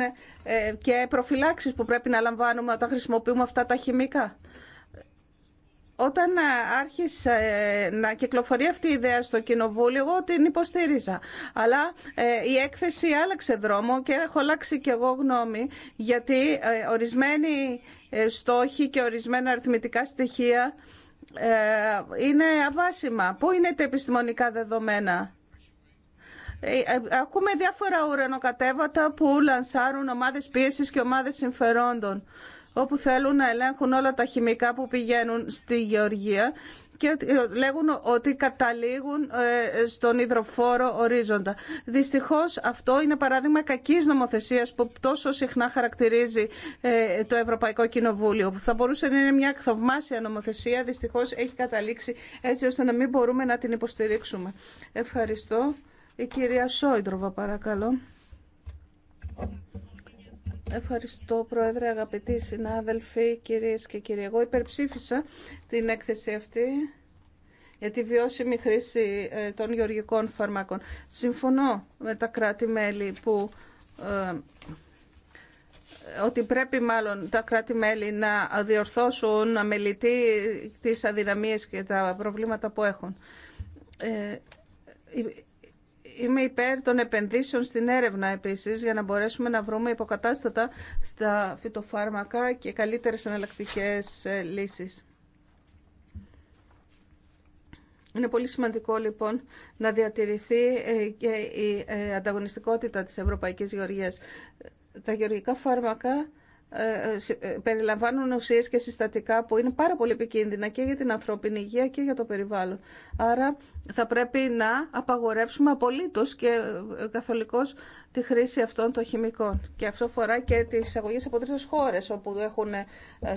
και προφυλάξεις που πρέπει να λαμβάνουμε όταν χρησιμοποιούμε αυτά τα χημικά. Όταν ε, άρχισε ε, να κυκλοφορεί αυτή η ιδέα στο Κοινοβούλιο, εγώ την υποστήριζα. Αλλά ε, η έκθεση άλλαξε δρόμο και έχω αλλάξει κι εγώ γνώμη, γιατί ορισμένοι στόχοι και ορισμένα αριθμητικά στοιχεία είναι αβάσιμα. Πού είναι τα επιστημονικά δεδομένα. Ακούμε διάφορα ουρανοκατέβατα που λανσάρουν ομάδες πίεσης και ομάδες συμφερόντων όπου θέλουν να ελέγχουν όλα τα χημικά που πηγαίνουν στη Γεωργία και ε, λέγουν ότι καταλήγουν ε, στον υδροφόρο ορίζοντα. Δυστυχώς αυτό είναι παράδειγμα κακής νομοθεσίας που τόσο συχνά χαρακτηρίζει ε, το Ευρωπαϊκό Κοινοβούλιο. θα μπορούσε να είναι μια θαυμάσια νομοθεσία, δυστυχώς έχει καταλήξει έτσι ώστε να μην μπορούμε να την υποστηρίξουμε. Ευχαριστώ. Η κυρία Σόιντροβα παρακαλώ. Ευχαριστώ, Πρόεδρε, αγαπητοί συνάδελφοι, κυρίες και κύριοι. Εγώ υπερψήφισα την έκθεση αυτή για τη βιώσιμη χρήση ε, των γεωργικών φαρμάκων. Συμφωνώ με τα κράτη-μέλη που ε, ότι πρέπει μάλλον τα κράτη-μέλη να διορθώσουν αμελητή τις αδυναμίες και τα προβλήματα που έχουν. Ε, Είμαι υπέρ των επενδύσεων στην έρευνα επίσης για να μπορέσουμε να βρούμε υποκατάστατα στα φυτοφάρμακα και καλύτερες εναλλακτικές ε, λύσεις. Είναι πολύ σημαντικό λοιπόν να διατηρηθεί ε, και η ε, ανταγωνιστικότητα της Ευρωπαϊκής Γεωργίας. Τα γεωργικά φάρμακα ε, ε, ε, περιλαμβάνουν ουσίες και συστατικά που είναι πάρα πολύ επικίνδυνα και για την ανθρώπινη υγεία και για το περιβάλλον. Άρα θα πρέπει να απαγορεύσουμε απολύτως και καθολικώς τη χρήση αυτών των χημικών. Και αυτό φορά και τις εισαγωγές από τρεις χώρες όπου έχουν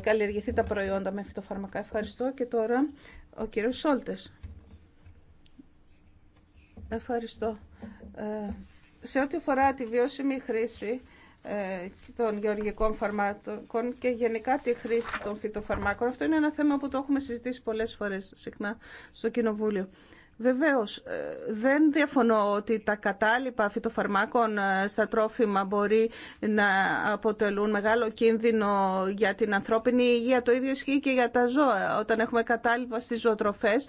καλλιεργηθεί τα προϊόντα με φυτοφαρμακά. Ευχαριστώ και τώρα ο κύριος Σόλτες. Ευχαριστώ. Ε, σε ό,τι αφορά τη βιώσιμη χρήση ε, των γεωργικών φαρμάκων και γενικά τη χρήση των φυτοφαρμάκων. Αυτό είναι ένα θέμα που το έχουμε συζητήσει πολλές φορές συχνά στο Κοινοβούλιο. Βεβαίως, ε, δεν διαφωνώ ότι τα κατάλοιπα φυτοφαρμάκων ε, στα τρόφιμα μπορεί να αποτελούν μεγάλο κίνδυνο για την ανθρώπινη υγεία. Το ίδιο ισχύει και για τα ζώα. Όταν έχουμε κατάλοιπα στις ζωοτροφές,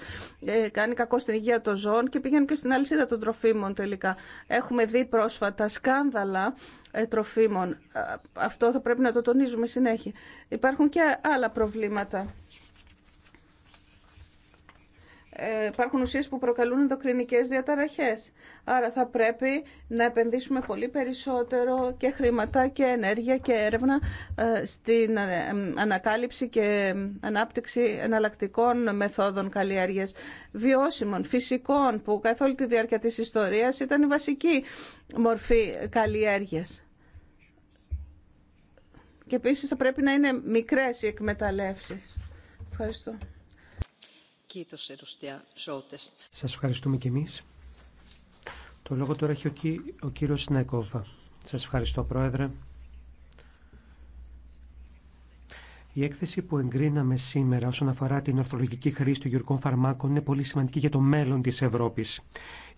κάνει κακό στην υγεία των ζώων και πηγαίνουν και στην αλυσίδα των τροφίμων τελικά. Έχουμε δει πρόσφατα σκάνδαλα ε, τροφίμων. Ε, αυτό θα πρέπει να το τονίζουμε συνέχεια. Υπάρχουν και άλλα προβλήματα. Ε, υπάρχουν ουσίες που προκαλούν ενδοκρινικές διαταραχές. Άρα θα πρέπει να επενδύσουμε πολύ περισσότερο και χρήματα και ενέργεια και έρευνα στην ανακάλυψη και ανάπτυξη εναλλακτικών μεθόδων καλλιέργειας βιώσιμων, φυσικών, που καθ' όλη τη διάρκεια της ιστορίας ήταν η βασική μορφή καλλιέργειας. Και επίσης θα πρέπει να είναι μικρές οι εκμεταλλεύσεις. Ευχαριστώ.
Σας ευχαριστούμε κι εμείς. Το λόγο τώρα έχει ο, κύ... ο κύριος Σας ευχαριστώ Πρόεδρε. Η έκθεση που εγκρίναμε σήμερα όσον αφορά την ορθολογική χρήση των γεωργικών φαρμάκων είναι πολύ σημαντική για το μέλλον της Ευρώπης.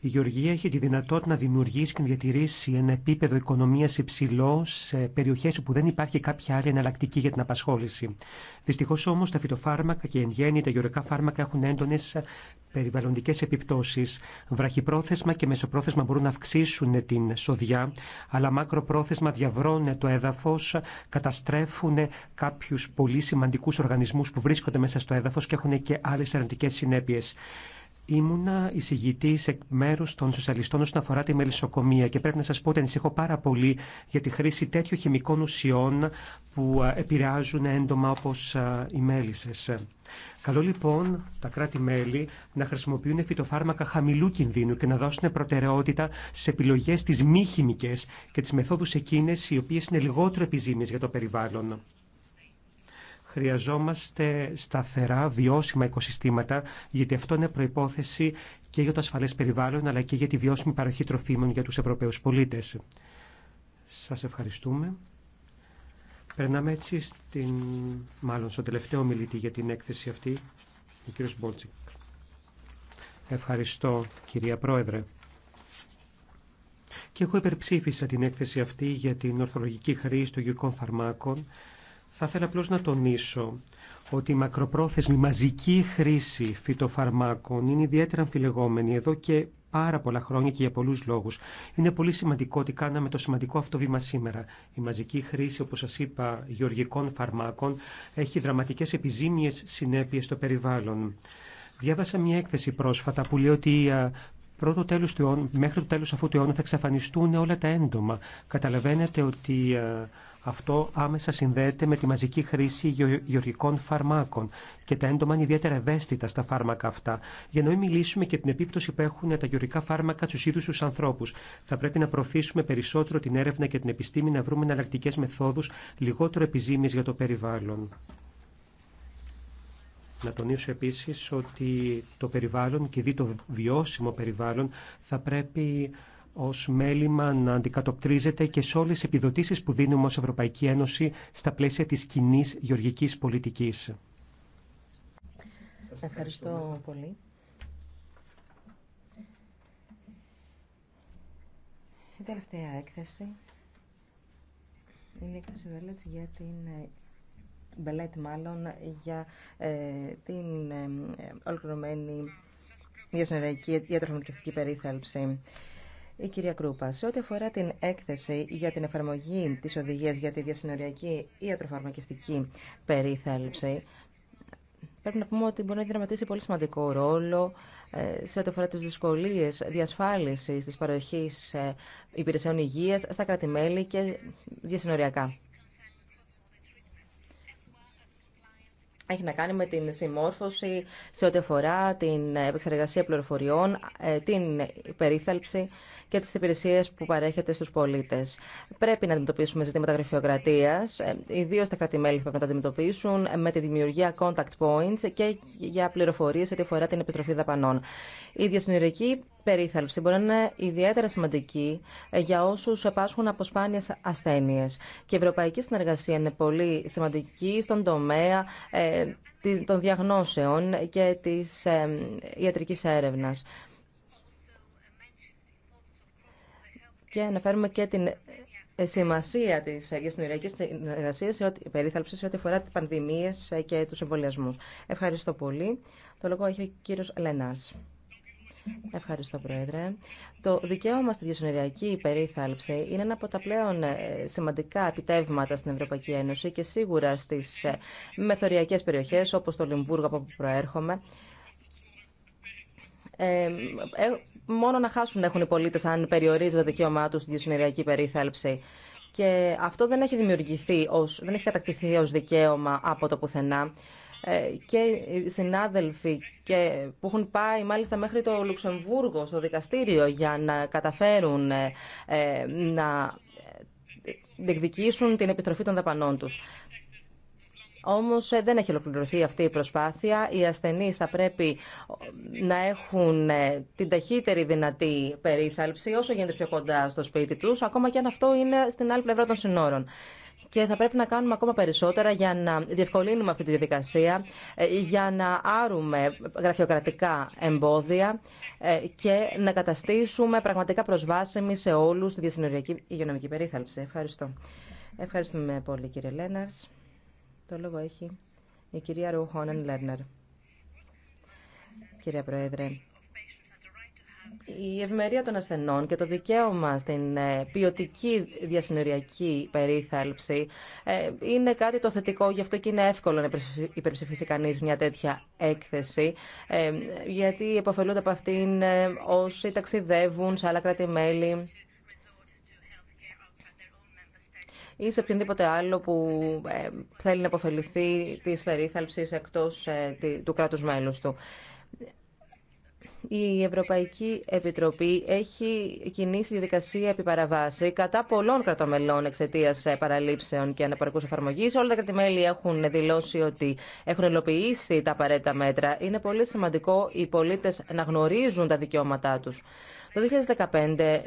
Η Γεωργία έχει τη δυνατότητα να δημιουργήσει και να διατηρήσει ένα επίπεδο οικονομία υψηλό σε περιοχέ όπου δεν υπάρχει κάποια άλλη εναλλακτική για την απασχόληση. Δυστυχώ όμω τα φυτοφάρμακα και εν γέννη τα γεωργικά φάρμακα έχουν έντονε περιβαλλοντικέ επιπτώσει. Βραχυπρόθεσμα και μεσοπρόθεσμα μπορούν να αυξήσουν την σοδιά, αλλά μακροπρόθεσμα διαβρώνουν το έδαφο, καταστρέφουν κάποιου πολύ σημαντικού οργανισμού που βρίσκονται μέσα στο έδαφο και έχουν και άλλε αρνητικέ συνέπειε. Ήμουνα εισηγητή εκ μέρου των σοσιαλιστών όσον αφορά τη μελισσοκομεία και πρέπει να σα πω ότι ανησυχώ πάρα πολύ για τη χρήση τέτοιων χημικών ουσιών που επηρεάζουν έντομα όπω οι μέλισσε. Καλό λοιπόν τα κράτη-μέλη να χρησιμοποιούν φυτοφάρμακα χαμηλού κινδύνου και να δώσουν προτεραιότητα στι επιλογέ τη μη χημικέ και τι μεθόδου εκείνε οι οποίε είναι λιγότερο επιζήμιε για το περιβάλλον. Χρειαζόμαστε σταθερά, βιώσιμα οικοσυστήματα, γιατί αυτό είναι προϋπόθεση και για το ασφαλές περιβάλλον, αλλά και για τη βιώσιμη παροχή τροφίμων για τους Ευρωπαίους πολίτες. Σας ευχαριστούμε. Περνάμε έτσι στην, μάλλον στο τελευταίο μιλητή για την έκθεση αυτή, ο κύριος Μπόλτσικ. Ευχαριστώ, κυρία Πρόεδρε. Και εγώ υπερψήφισα την έκθεση αυτή για την ορθολογική χρήση των γεωργικών φαρμάκων θα ήθελα απλώ να τονίσω ότι η μακροπρόθεσμη μαζική χρήση φυτοφαρμάκων είναι ιδιαίτερα αμφιλεγόμενη εδώ και πάρα πολλά χρόνια και για πολλούς λόγους. Είναι πολύ σημαντικό ότι κάναμε το σημαντικό αυτό βήμα σήμερα. Η μαζική χρήση, όπως σας είπα, γεωργικών φαρμάκων έχει δραματικές επιζήμιες συνέπειες στο περιβάλλον. Διάβασα μια έκθεση πρόσφατα που λέει ότι πρώτο τέλος του αιώνα, μέχρι το τέλος αυτού του αιώνα θα εξαφανιστούν όλα τα έντομα. Καταλαβαίνετε ότι αυτό άμεσα συνδέεται με τη μαζική χρήση γεωργικών φαρμάκων και τα έντομα είναι ιδιαίτερα ευαίσθητα στα φάρμακα αυτά. Για να μην μιλήσουμε και την επίπτωση που έχουν τα γεωργικά φάρμακα στου ίδιου του ανθρώπου. Θα πρέπει να προωθήσουμε περισσότερο την έρευνα και την επιστήμη να βρούμε εναλλακτικέ μεθόδου λιγότερο επιζήμιε για το περιβάλλον. Να τονίσω επίσης ότι το περιβάλλον και δι' το βιώσιμο περιβάλλον θα πρέπει ως μέλημα να αντικατοπτρίζεται και σε όλες τι επιδοτήσεις που δίνουμε ως Ευρωπαϊκή Ένωση στα πλαίσια της κοινή γεωργικής πολιτικής.
ευχαριστώ πολύ. Η τελευταία έκθεση είναι η έκθεση για την Μπελέτ μάλλον για ε, την ε, ολοκληρωμένη διασυνοριακή ιατροφαρμακευτική περίθαλψη. Η κυρία Κρούπα, σε ό,τι αφορά την έκθεση για την εφαρμογή της οδηγίας για τη διασυνοριακή ιατροφαρμακευτική περίθαλψη, πρέπει να πούμε ότι μπορεί να δραματίσει πολύ σημαντικό ρόλο ε, σε ό,τι αφορά τις δυσκολίες διασφάλισης της παροχής ε, υπηρεσιών υγείας στα κράτη-μέλη και διασυνοριακά. έχει να κάνει με την συμμόρφωση σε ό,τι αφορά την επεξεργασία πληροφοριών, ε, την περίθαλψη και τις υπηρεσίες που παρέχεται στους πολίτες. Πρέπει να αντιμετωπίσουμε ζητήματα γραφειοκρατίας, ε, ιδίω τα κρατημέλη πρέπει να τα αντιμετωπίσουν με τη δημιουργία contact points και για πληροφορίες σε ό,τι αφορά την επιστροφή δαπανών. Η διασυνορική περίθαλψη μπορεί να είναι ιδιαίτερα σημαντική ε, για όσους επάσχουν από σπάνιες ασθένειες. Και η ευρωπαϊκή συνεργασία είναι πολύ σημαντική στον τομέα ε, των διαγνώσεων και της ε, ιατρικής έρευνας. Και αναφέρουμε και την σημασία τη διασυνοριακή συνεργασία σε ό,τι περίθαλψη σε ό,τι αφορά τι πανδημίε και του εμβολιασμού. Ευχαριστώ πολύ. Το λόγο έχει ο κύριο Λενάρ. Ευχαριστώ, Πρόεδρε. Το δικαίωμα στη διασυνοριακή υπερίθαλψη είναι ένα από τα πλέον ε, σημαντικά επιτεύγματα στην Ευρωπαϊκή Ένωση και σίγουρα στι ε, μεθοριακέ περιοχέ, όπω το Λιμπούργο από όπου προέρχομαι. Ε, ε, μόνο να χάσουν έχουν οι πολίτε αν περιορίζει το δικαίωμά του στη διασυνοριακή περίθαλψη. Και αυτό δεν έχει δημιουργηθεί, ως, δεν έχει κατακτηθεί ω δικαίωμα από το πουθενά. Ε, και συνάδελφοι και που έχουν πάει μάλιστα μέχρι το Λουξεμβούργο στο δικαστήριο για να καταφέρουν ε, ε, να διεκδικήσουν την επιστροφή των δαπανών τους. Όμω δεν έχει ολοκληρωθεί αυτή η προσπάθεια. Οι ασθενείς θα πρέπει να έχουν την ταχύτερη δυνατή περίθαλψη όσο γίνεται πιο κοντά στο σπίτι τους, ακόμα και αν αυτό είναι στην άλλη πλευρά των συνόρων και θα πρέπει να κάνουμε ακόμα περισσότερα για να διευκολύνουμε αυτή τη διαδικασία, ε, για να άρουμε γραφειοκρατικά εμπόδια ε, και να καταστήσουμε πραγματικά προσβάσιμη σε όλους τη διασυνοριακή υγειονομική περίθαλψη. Ευχαριστώ. Ευχαριστούμε πολύ κύριε Λέναρς. Το λόγο έχει η κυρία Ρουχόνεν Λέρνερ. Κυρία Πρόεδρε, η ευμερία των ασθενών και το δικαίωμα στην ε, ποιοτική διασυνοριακή περίθαλψη ε, είναι κάτι το θετικό, γι' αυτό και είναι εύκολο να υπερψηφίσει κανεί μια τέτοια έκθεση, ε, γιατί υποφελούνται από αυτήν όσοι ταξιδεύουν σε άλλα κράτη-μέλη ή σε οποιονδήποτε άλλο που θέλει να υποφεληθεί τη περίθαλψη εκτό του κράτου μέλου του η Ευρωπαϊκή Επιτροπή έχει κινήσει τη δικασία επιπαραβάση κατά πολλών κρατομελών εξαιτία ε, παραλήψεων και ανεπαρκού εφαρμογή. Όλα τα κρατημέλη έχουν δηλώσει ότι έχουν υλοποιήσει τα απαραίτητα μέτρα. Είναι πολύ σημαντικό οι πολίτε να γνωρίζουν τα δικαιώματά του. Το 2015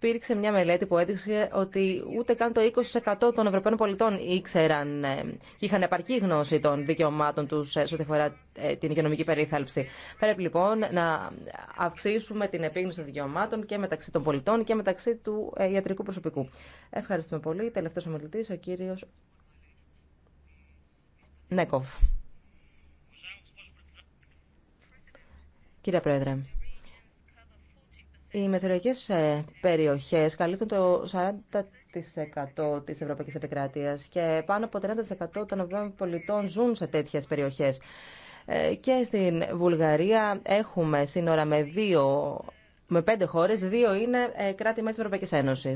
υπήρξε μια μελέτη που έδειξε ότι ούτε καν το 20% των Ευρωπαίων πολιτών ήξεραν και ε, είχαν επαρκή γνώση των δικαιωμάτων του ε, σε ό,τι αφορά ε, την υγειονομική περίθαλψη. Πρέπει λοιπόν να αυξήσουμε την επίγνωση των δικαιωμάτων και μεταξύ των πολιτών και μεταξύ του ιατρικού προσωπικού. Ευχαριστούμε πολύ. Τελευταίο ομιλητή, ο κύριο Νέκοφ. Κύριε Πρόεδρε. Οι μεθοριακές ε, περιοχές καλύπτουν το 40% τη ευρωπαϊκή επικρατεία και πάνω από 30% των Ευρωπαϊκών πολιτών ζουν σε τέτοιες περιοχές. Ε, και στην Βουλγαρία έχουμε σύνορα με δύο με πέντε χώρε, δύο είναι ε, κράτη-μέλη τη Ευρωπαϊκή Ένωση.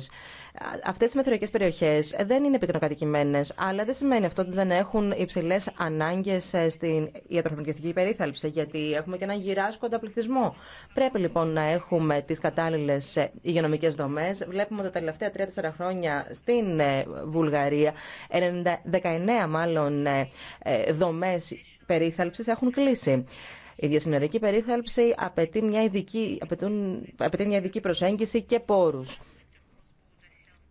Αυτέ οι μεθοριακέ περιοχέ δεν είναι πυκνοκατοικημένε, αλλά δεν σημαίνει αυτό ότι δεν έχουν υψηλέ ανάγκε ε, στην ιατροφαρμακευτική υπερήθαλψη, γιατί έχουμε και ένα γυράσκοντα πληθυσμό. Πρέπει λοιπόν να έχουμε τι κατάλληλε υγειονομικέ δομέ. Βλέπουμε ότι τα τελευταία τρία-τέσσερα χρόνια στην ε, Βουλγαρία, 19 μάλλον δομέ περίθαλψη έχουν κλείσει. Η διασυνορική περίθαλψη απαιτεί μια ειδική, απαιτούν, απαιτεί μια ειδική προσέγγιση και πόρους.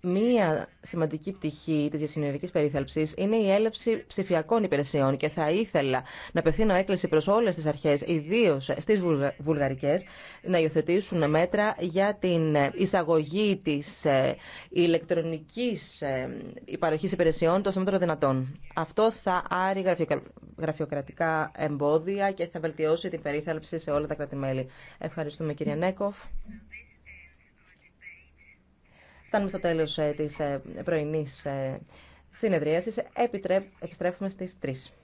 Μία σημαντική πτυχή τη διασυνορική περίθαλψη είναι η έλευση ψηφιακών υπηρεσιών και θα ήθελα να απευθύνω έκκληση προ όλε τι αρχέ, ιδίω στι βουλγαρικέ, να υιοθετήσουν μέτρα για την εισαγωγή τη ε, ηλεκτρονική ε, υπαροχή υπηρεσιών των σύντομων δυνατών. Αυτό θα άρει γραφειοκρατικά εμπόδια και θα βελτιώσει την περίθαλψη σε όλα τα κράτη-μέλη. Ευχαριστούμε, κύριε Νέκοφ. Φτάνουμε στο τέλος ε, της ε, πρωινή ε, συνεδρίασης. Επιστρέφουμε στις 3.